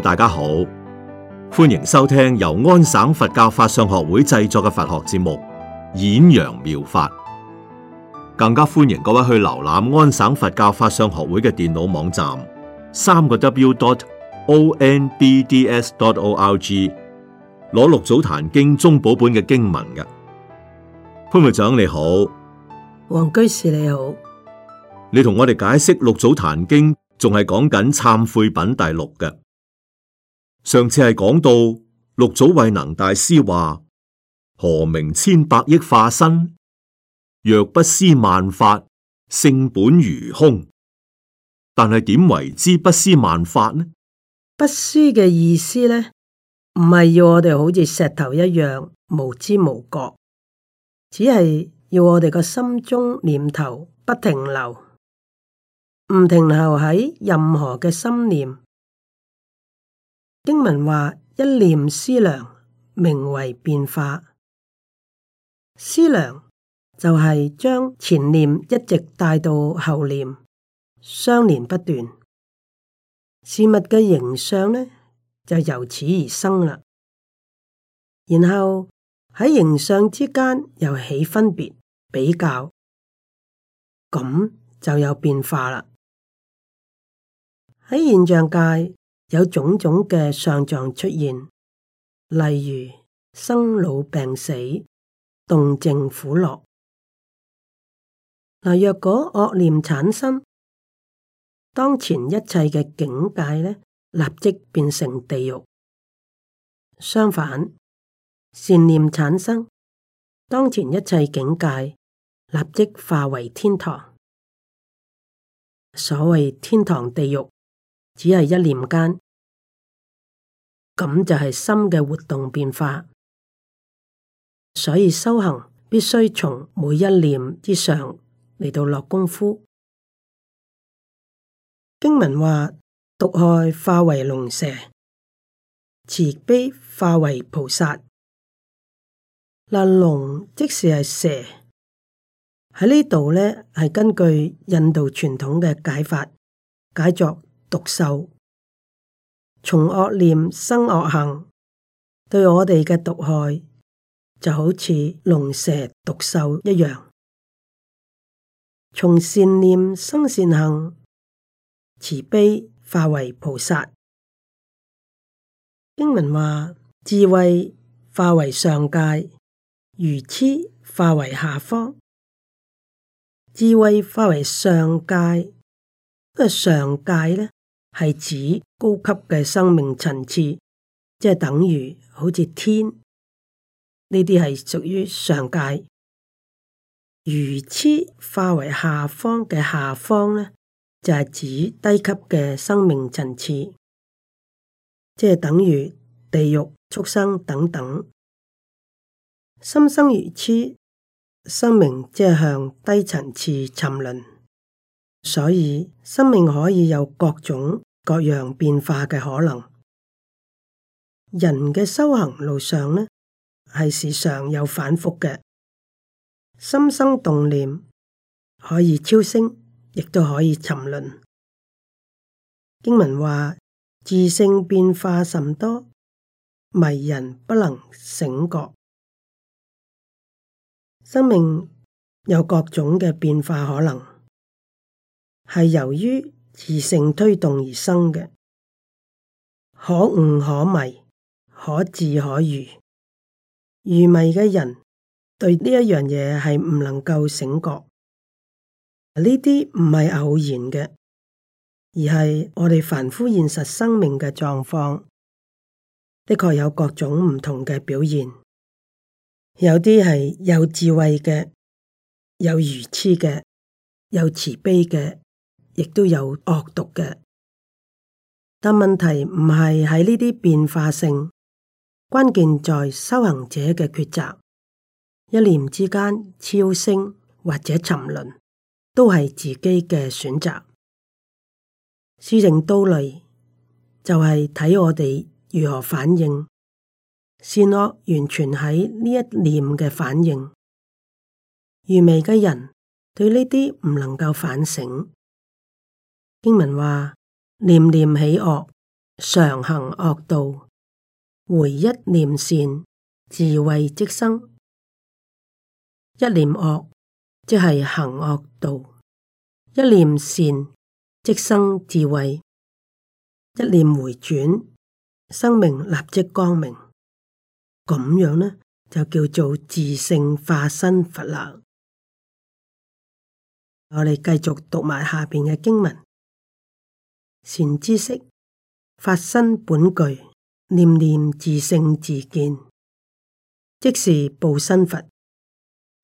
大家好，歡迎收聽由安省佛教法相學會製作嘅佛學節目《演揚妙法》，更加歡迎各位去瀏覽安省佛教法相學會嘅電腦網站，三個 W 點 O N B D S 點 O L G，攞六祖壇經中寶本嘅經文嘅。潘會長，你好，黃居士，你好，你同我哋解釋六祖壇經仲係講緊懺悔品第六嘅。上次係講到六祖慧能大師話：何名千百億化身？若不思萬法，性本如空。但係點為之不思萬法呢？不思嘅意思咧，唔係要我哋好似石頭一樣無知無覺，只係要我哋個心中念頭不停留，唔停留喺任何嘅心念。英文話一念思量，名為變化。思量就係將前念一直帶到後念，相連不斷。事物嘅形象呢，就由此而生啦。然後喺形象之間又起分別比較，咁就有變化啦。喺現象界，有種種嘅上狀出現，例如生老病死、動靜苦樂。若果惡念產生，當前一切嘅境界呢，立即變成地獄；相反，善念產生，當前一切境界立即化為天堂。所謂天堂地獄。只係一念間，咁就係心嘅活動變化。所以修行必須從每一念之上嚟到落功夫。經文話：毒害化為龍蛇，慈悲化為菩薩。嗱，龍即是係蛇。喺呢度咧，係根據印度傳統嘅解法解作。毒獸，從惡念生惡行，對我哋嘅毒害就好似龍蛇毒獸一樣。從善念生善行，慈悲化為菩薩。經文話，智慧化為上界，愚痴化為下方。智慧化為上界，呢個上界呢。」係指高級嘅生命層次，即係等於好似天呢啲係屬於上界；愚痴化為下方嘅下方咧，就係、是、指低級嘅生命層次，即係等於地獄、畜生等等。心生如痴，生命即係向低層次沉淪。所以，生命可以有各種各樣變化嘅可能。人嘅修行路上呢，係時常有反覆嘅。心生動念，可以超升，亦都可以沉淪。經文話：自性變化甚多，迷人不能醒覺。生命有各種嘅變化可能。係由於自性推動而生嘅，可悟可迷，可智可愚。愚迷嘅人對呢一樣嘢係唔能夠醒覺。呢啲唔係偶然嘅，而係我哋凡夫現實生命嘅狀況，的確有各種唔同嘅表現。有啲係有智慧嘅，有愚癡嘅，有慈悲嘅。亦都有惡毒嘅，但問題唔係喺呢啲變化性，關鍵在修行者嘅抉擇。一念之間超升或者沉淪，都係自己嘅選擇。事情到嚟就係、是、睇我哋如何反應，善惡完全喺呢一念嘅反應。愚昧嘅人對呢啲唔能夠反省。經文話：念念起惡，常行惡道；回一念善，智慧即生。一念惡即係行惡道，一念善即生智慧。一念回轉，生命立即光明。咁樣呢，就叫做自性化身佛啦。我哋繼續讀埋下邊嘅經文。善知識，法身本具，念念自性自見，即是報身佛；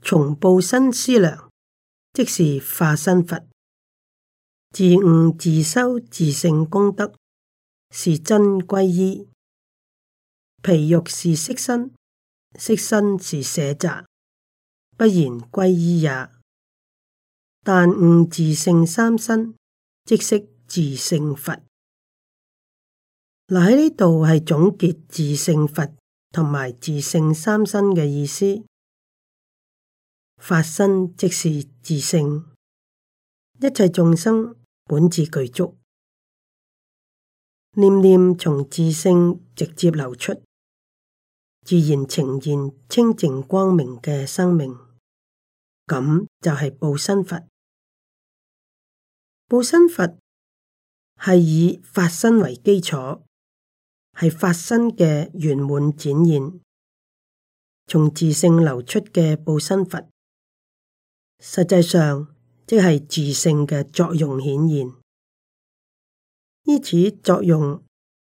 從報身思量，即是化身佛；自悟自修自性功德，是真歸依。皮肉是色身，色身是舍宅，不然歸依也。但悟自性三身，即識自性佛，嗱喺呢度係總結自性佛同埋自性三身嘅意思。法身即是自性，一切眾生本自具足，念念從自性直接流出，自然呈現清淨光明嘅生命，咁就係報身佛。報身佛。係以法身為基礎，係法身嘅圓滿展現，從自性流出嘅報身佛，實際上即係自性嘅作用顯現。依此作用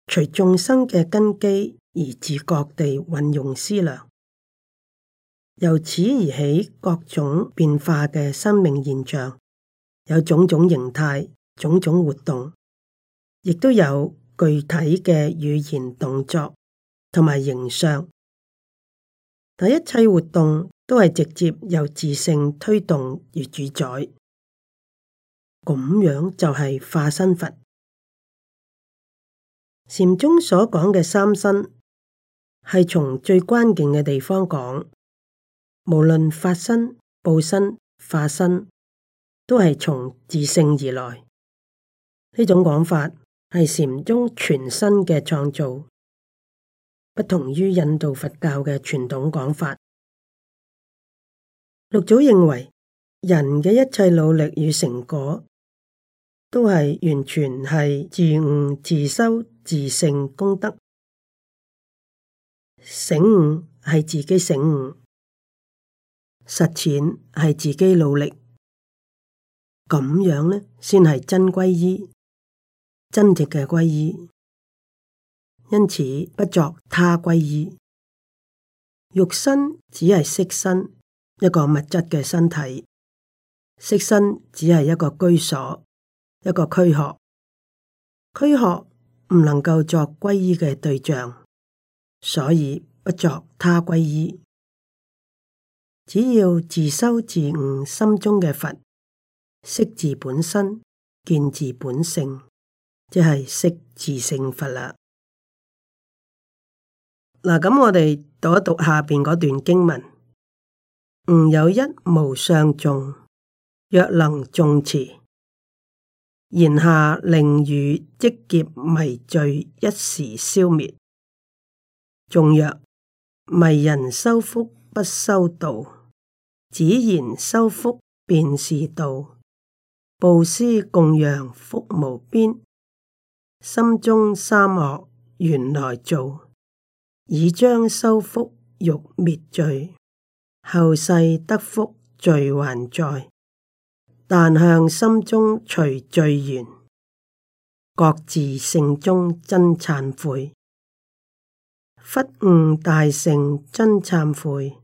隨眾生嘅根基而自覺地運用思量，由此而起各種變化嘅生命現象，有種種形態，種種活動。亦都有具體嘅語言、動作同埋形象。但一切活動都係直接由自性推動而主宰。咁樣就係化身佛。禪宗所講嘅三身，係從最關鍵嘅地方講，無論法身、報身、化身，都係從自性而來。呢種講法，係禪宗全新嘅創造，不同於印度佛教嘅傳統講法。六祖認為，人嘅一切努力與成果，都係完全係自悟自修自性功德。醒悟係自己醒悟，實踐係自己努力，咁樣呢，先係真皈依。真正嘅皈依，因此不作他皈依。肉身只係色身，一個物質嘅身體；色身只係一個居所，一個軀殼。軀殼唔能夠作皈依嘅對象，所以不作他皈依。只要自修自悟，心中嘅佛，識自本身，見自本性。即係識自性佛啦。嗱，咁我哋讀一讀下邊嗰段經文。吾有一無相頌，若能誦持，言下令汝積劫迷罪一時消滅。頌曰：迷人修福不修道，只言修福便是道。布施供養福無邊。心中三惡原來造，以將修福欲滅罪，後世得福罪還在，但向心中除罪緣，各自性中真懺悔，忽悟大乘真懺悔，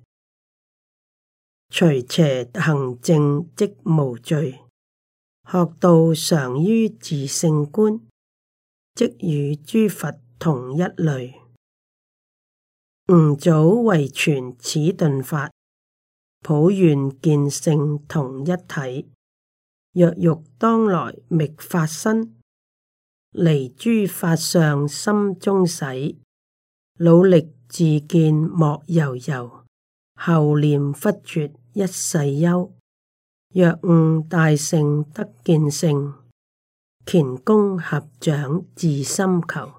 除邪行正即無罪，學道常於自性觀。即與諸佛同一類，吾祖為傳此頓法，普願見性同一體。若欲當來覓法身，離諸法相心中使，努力自見莫悠悠，後念忽絕一世憂。若悟大乘得見性。虔恭合掌至心求，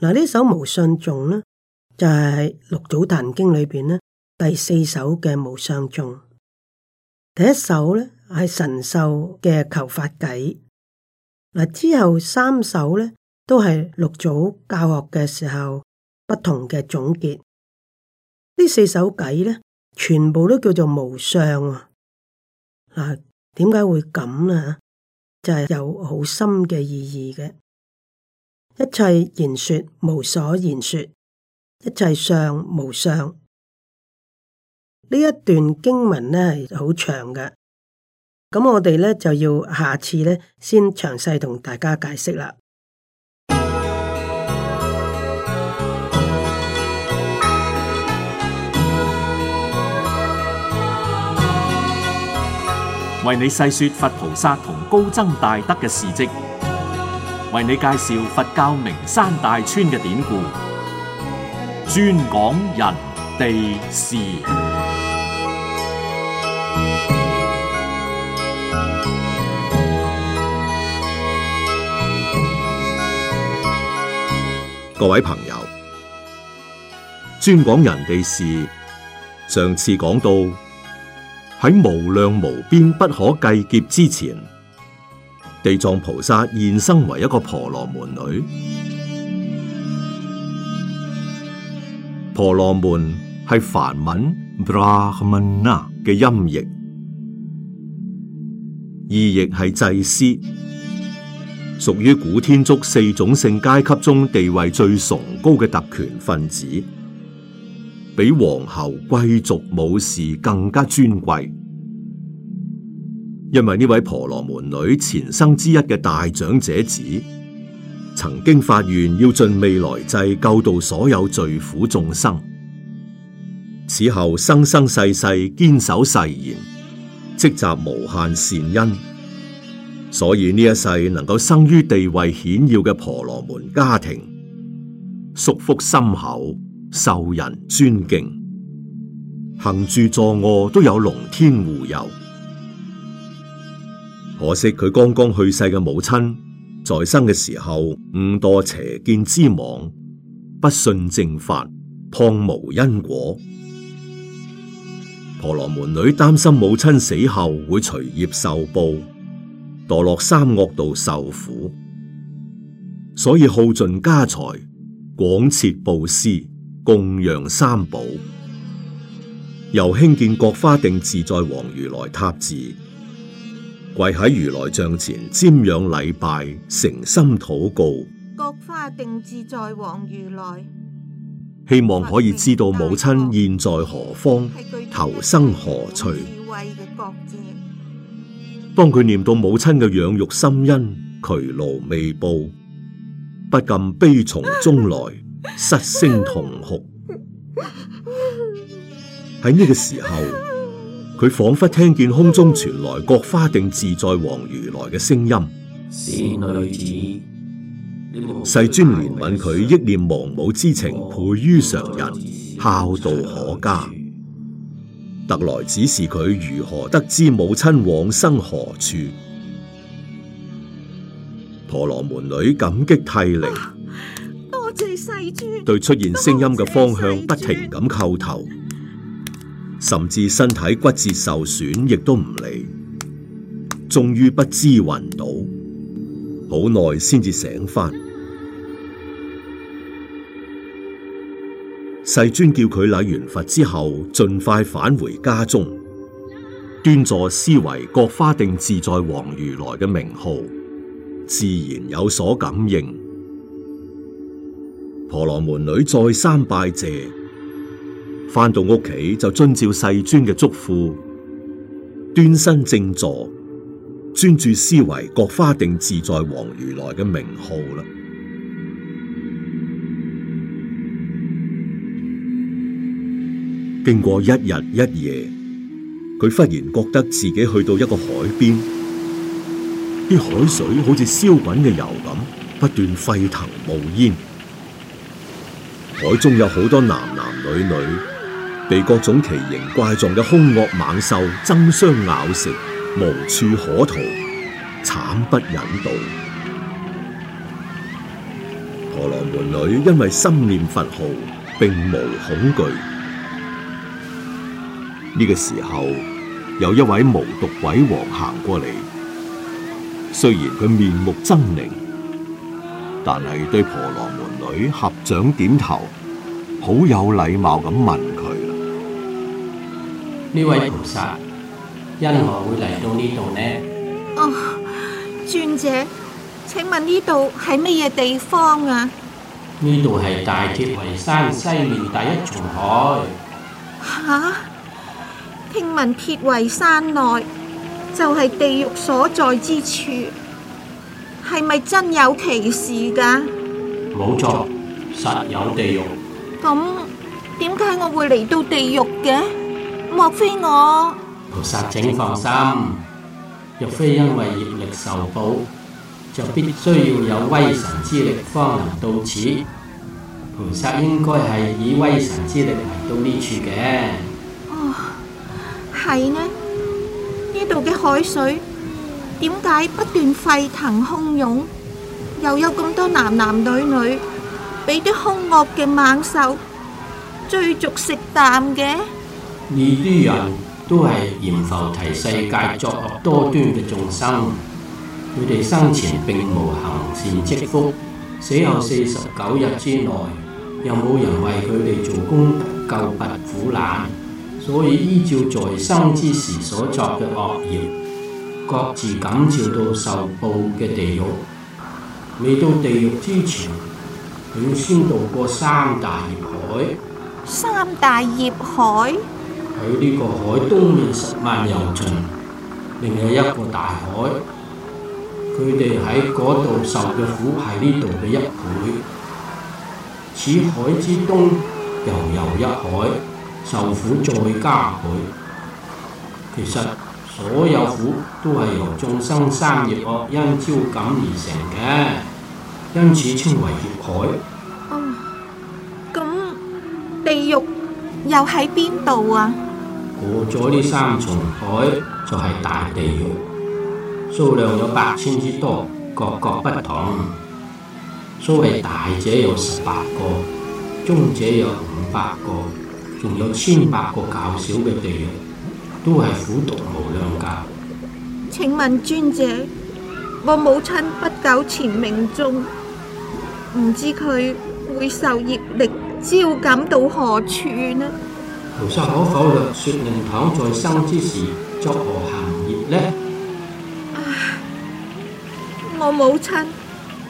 嗱呢首無相頌呢，就係、是、六祖壇經裏邊呢第四首嘅無相頌。第一首呢，係神秀嘅求法偈，嗱之後三首呢，都係六祖教學嘅時候不同嘅總結。呢四首偈呢，全部都叫做無相啊！嗱，點解會咁啊？就係有好深嘅意義嘅，一切言說無所言說，一切相無相。呢一段經文呢係好長嘅，咁我哋呢，就要下次呢先詳細同大家解釋啦。為你細說佛菩薩同。高僧大德嘅事跡，為你介紹佛教名山大川嘅典故，專講人地事。各位朋友，專講人地事。上次講到喺無量無邊、不可計劫之前。地藏菩薩現身為一個婆羅門女，婆羅門係梵文 brahmana 嘅音譯，意譯係祭司，屬於古天竺四種姓階級中地位最崇高嘅特權分子，比皇后、貴族、武士更加尊貴。因為呢位婆羅門女前生之一嘅大長者子，曾經發願要盡未來際救度所有罪苦眾生，此後生生世世堅守誓言，積集無限善因，所以呢一世能夠生於地位顯耀嘅婆羅門家庭，宿福深厚受人尊敬，行住坐臥都有龍天護佑。可惜佢剛剛去世嘅母親，在生嘅時候誤墮邪見之網，不信正法，謗無因果。婆羅門女擔心母親死後會隨業受報，墮落三惡道受苦，所以耗盡家財，廣設布施，供養三寶，又興建覺華定自在王如來塔寺。跪喺如來像前瞻仰禮拜，誠心禱告。國花定志在王如來，希望可以知道母親現在何方，投生何處。當佢念到母親嘅養育心恩，劬勞未報，不禁悲從中來， 失聲痛哭。喺呢 個時候。佢仿佛聽見空中傳來各花定自在王如來嘅聲音，是女子。女子世尊憐憫佢憶念亡母之情，倍我於常人，孝道可嘉。特來指示佢如何得知母親往生何處。婆羅門女感激涕零，多謝世尊。對出現聲音嘅方向不停咁叩頭。甚至身體骨節受損亦都唔理，終於不知暈倒，好耐先至醒返。 世尊叫佢禮完佛之後，盡快返回家中，端坐思維覺華定自在王如來嘅名號，自然有所感應。婆羅門女再三拜謝。翻到屋企就遵照世尊嘅囑咐，端身正坐，專注思維，覺花定自在王如來嘅名號啦。經過一日一夜，佢忽然覺得自己去到一個海邊，啲海水好似燒滾嘅油咁，不斷沸騰冒煙，海中有好多男男女女。被各種奇形怪狀嘅凶惡猛獸爭相咬食，無處可逃，慘不忍睹。婆羅門女因為心念佛號，並無恐懼。呢個時候，有一位無毒鬼王行過嚟，雖然佢面目猙獰，但係對婆羅門女合掌點頭，好有禮貌咁問。呢位菩薩因何會嚟到呢度呢？哦，尊者，請問呢度係乜嘢地方啊？呢度係大鐵圍山西面第一重海。吓！聽聞鐵圍山內就係地獄所在之處，係咪真有其事噶？冇錯，實有地獄。咁點解我會嚟到地獄嘅？莫非我？菩薩，請放心，若非因為業力受報，就必須要有威神之力方能到此。菩薩應該係以威神之力嚟到呢處嘅。哦，係呢？呢度嘅海水點解不斷沸騰洶湧？又有咁多男男女女，俾啲凶惡嘅猛獸追逐食啖嘅？呢啲人都係閻浮提世界作惡多端嘅眾生，佢哋生前並無行善積福，死後四十九日之內又冇人為佢哋做功德救拔苦難，所以依照在生之時所作嘅惡業，各自感召到受報嘅地獄。未到地獄之前，佢要先渡過三大業海。三大業海。喺呢個海東面十萬由旬，另有一個大海，佢哋喺嗰度受嘅苦係呢度嘅一倍。此海之東又有一海，受苦再加倍。其實所有苦都係由眾生三業惡因招感而成嘅，因此稱為劫海。哦，咁地獄又喺邊度啊？過咗呢三重海就係大地獄，數量有八千之多，各各不同。所謂大者有十八個，中者有五百個，仲有千百個較小嘅地獄，都係苦毒無量噶。請問尊者，我母親不久前命中，唔知佢會受業力招感到何處呢？菩薩可否略說令堂在生之時作何行業呢？我母親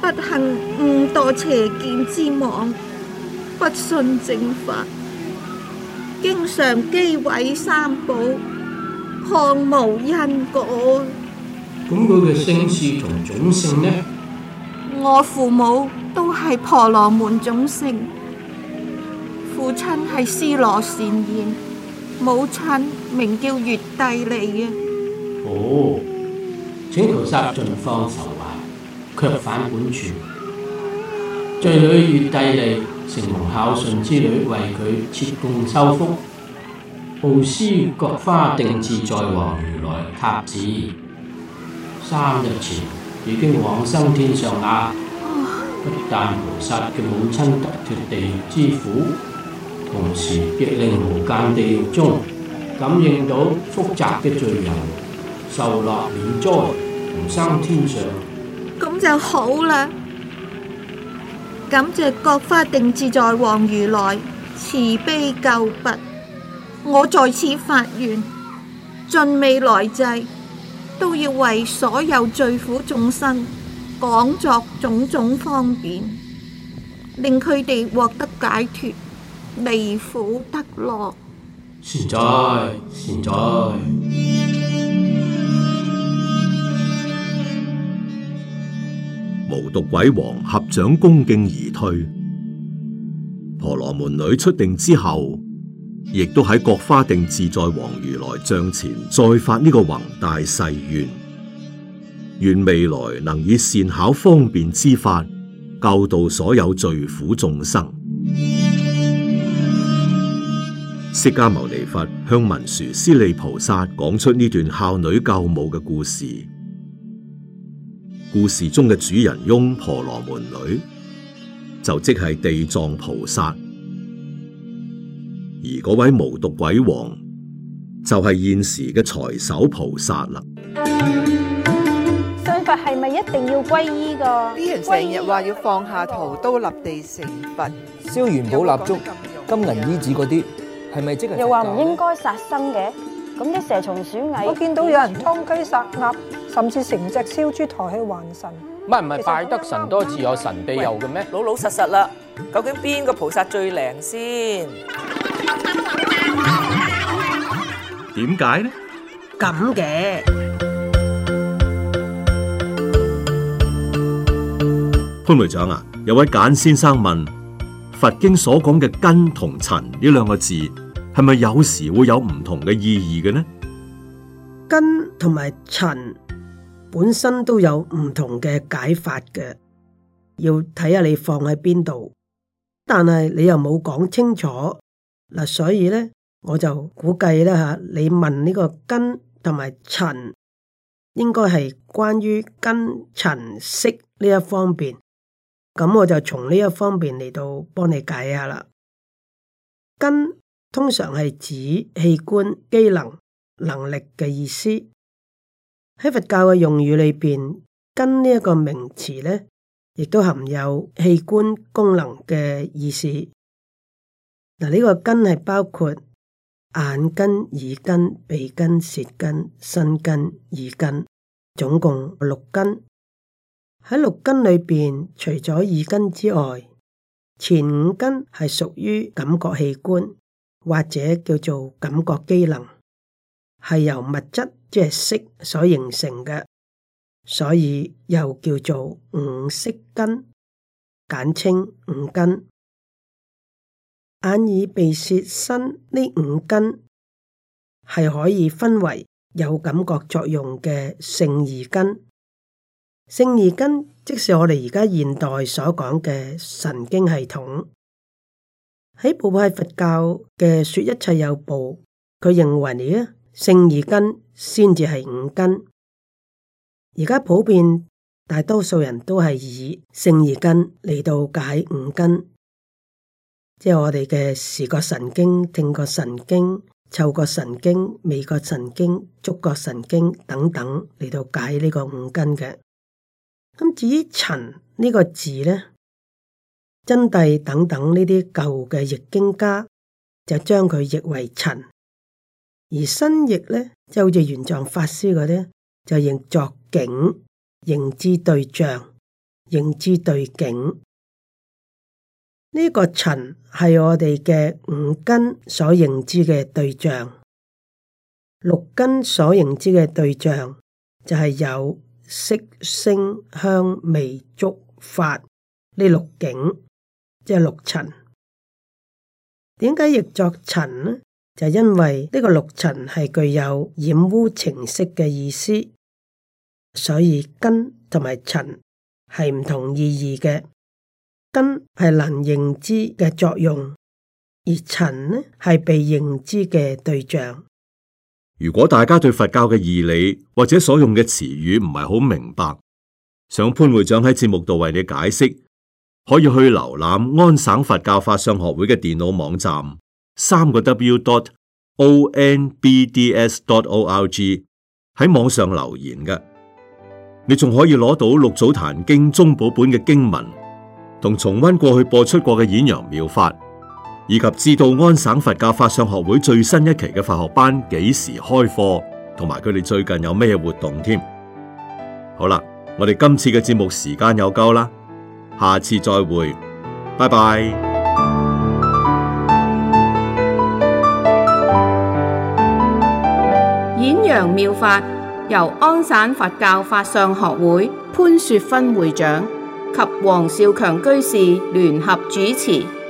不幸誤墮邪見之網，不信正法，經常譏毀三寶，看無因果。咁佢嘅姓氏同種姓呢？我父母都係婆羅門種姓。父親係施羅善言，母親名叫月帝利，啊。嘅。哦，請菩薩盡放愁懷，啊，卻反本處。罪女月帝利承蒙孝順之女為佢設供修福，布施覺花定自在王如來塔子，三日前已經往生天上啦，啊。不，哦，但菩薩嘅母親得脱地之苦。同時，亦令無間地獄中感應到複雜嘅罪人受樂免災，同生天上。咁就好啦！感謝覺華定自在王如來慈悲救拔，我在此發願，盡未來際都要為所有罪苦眾生講作種種方便，令佢哋獲得解脫。微苦得樂，善哉善哉！無毒鬼王合掌恭敬而退。婆羅門女出定之後，亦都喺國花定自在王如來像前，再發呢個宏大誓願，願未來能以善巧方便之法，救度所有罪苦眾生。釋迦牟尼佛向文殊師利菩薩講出呢段孝女救母嘅故事，故事中嘅主人翁婆羅門女就即係地藏菩薩，而嗰位無毒鬼王就係現時嘅財首菩薩啦。成佛係咪一定要皈依噶？啲人成日話要放下屠刀立地成佛，燒元寶蠟燭、金銀衣紙嗰啲。又話唔應該殺生嘅，咁啲蛇蟲鼠蟻，我見到有人劏雞殺鴨，甚至成隻燒豬抬去還神。唔係唔係，拜得神多次有神庇佑嘅咩？老老實實啦，究竟邊個菩薩最靈先？點解呢？咁嘅潘會長啊，有位簡先生問。佛經所講嘅根同塵呢兩個字，係咪有時會有唔同嘅意義嘅呢？根同埋塵本身都有唔同嘅解法嘅，要睇下你放喺邊度。但係你又冇講清楚嗱，所以呢，我就估計啦，你問呢個根同埋塵，應該係關於根塵識呢一方面。咁我就從呢一方面嚟到幫你解下啦。根通常係指器官、機能、能力嘅意思。喺佛教嘅用語裏邊，根呢一個名詞呢亦都含有器官功能嘅意思。嗱，呢個根係包括眼根、耳根、鼻根、舌根、身根、意根，總共六根。喺六根裏邊，除咗意根之外，前五根係屬於感覺器官或者叫做感覺機能，係由物質即係色所形成嘅，所以又叫做五色根，簡稱五根。眼、耳、鼻、舌、身呢五根係可以分為有感覺作用嘅勝義根。勝義根，即是我哋而家現代所講嘅神經系統。喺部派佛教嘅說一切有部，佢認為呢啊，勝、哎、義根先至係五根。而家普遍大多數人都係以勝義根嚟到解五根，即係我哋嘅視覺神經、聽覺神經、嗅覺神經、味覺神經、觸覺神經等等嚟到解呢個五根嘅。咁至於塵呢個字呢，真諦等等呢啲舊嘅譯經家就將佢譯為塵，而新譯呢，就好似玄奘法師嗰啲，就譯作境，認知對象，認知對境。呢個塵係我哋嘅五根所認知嘅對象，六根所認知嘅對象就係有。色聲香味觸法呢六境，即係六塵。點解譯作塵呢？就因為呢個六塵係具有染污情識嘅意思，所以根同埋塵係唔同意義嘅。根係能認知嘅作用，而塵呢係被認知嘅對象。如果大家對佛教嘅義理或者所用嘅詞語唔係好明白，想潘會長喺節目度為你解釋，可以去瀏覽安省佛教法相學會嘅電腦網站，三個 W. dot O N B D S. dot O R G. 喺網上留言嘅，你仲可以攞到六祖壇經宗寶本嘅經文，同重溫過去播出過嘅演揚妙法。以及知道安省佛教法相學會最新一期嘅法學班幾時開課，同埋佢哋最近有咩活動添？好啦，我哋今次嘅節目時間又夠啦，下次再會，拜拜。演揚妙法由安省佛教法相學會潘雪芬會長及黃少強居士聯合主持。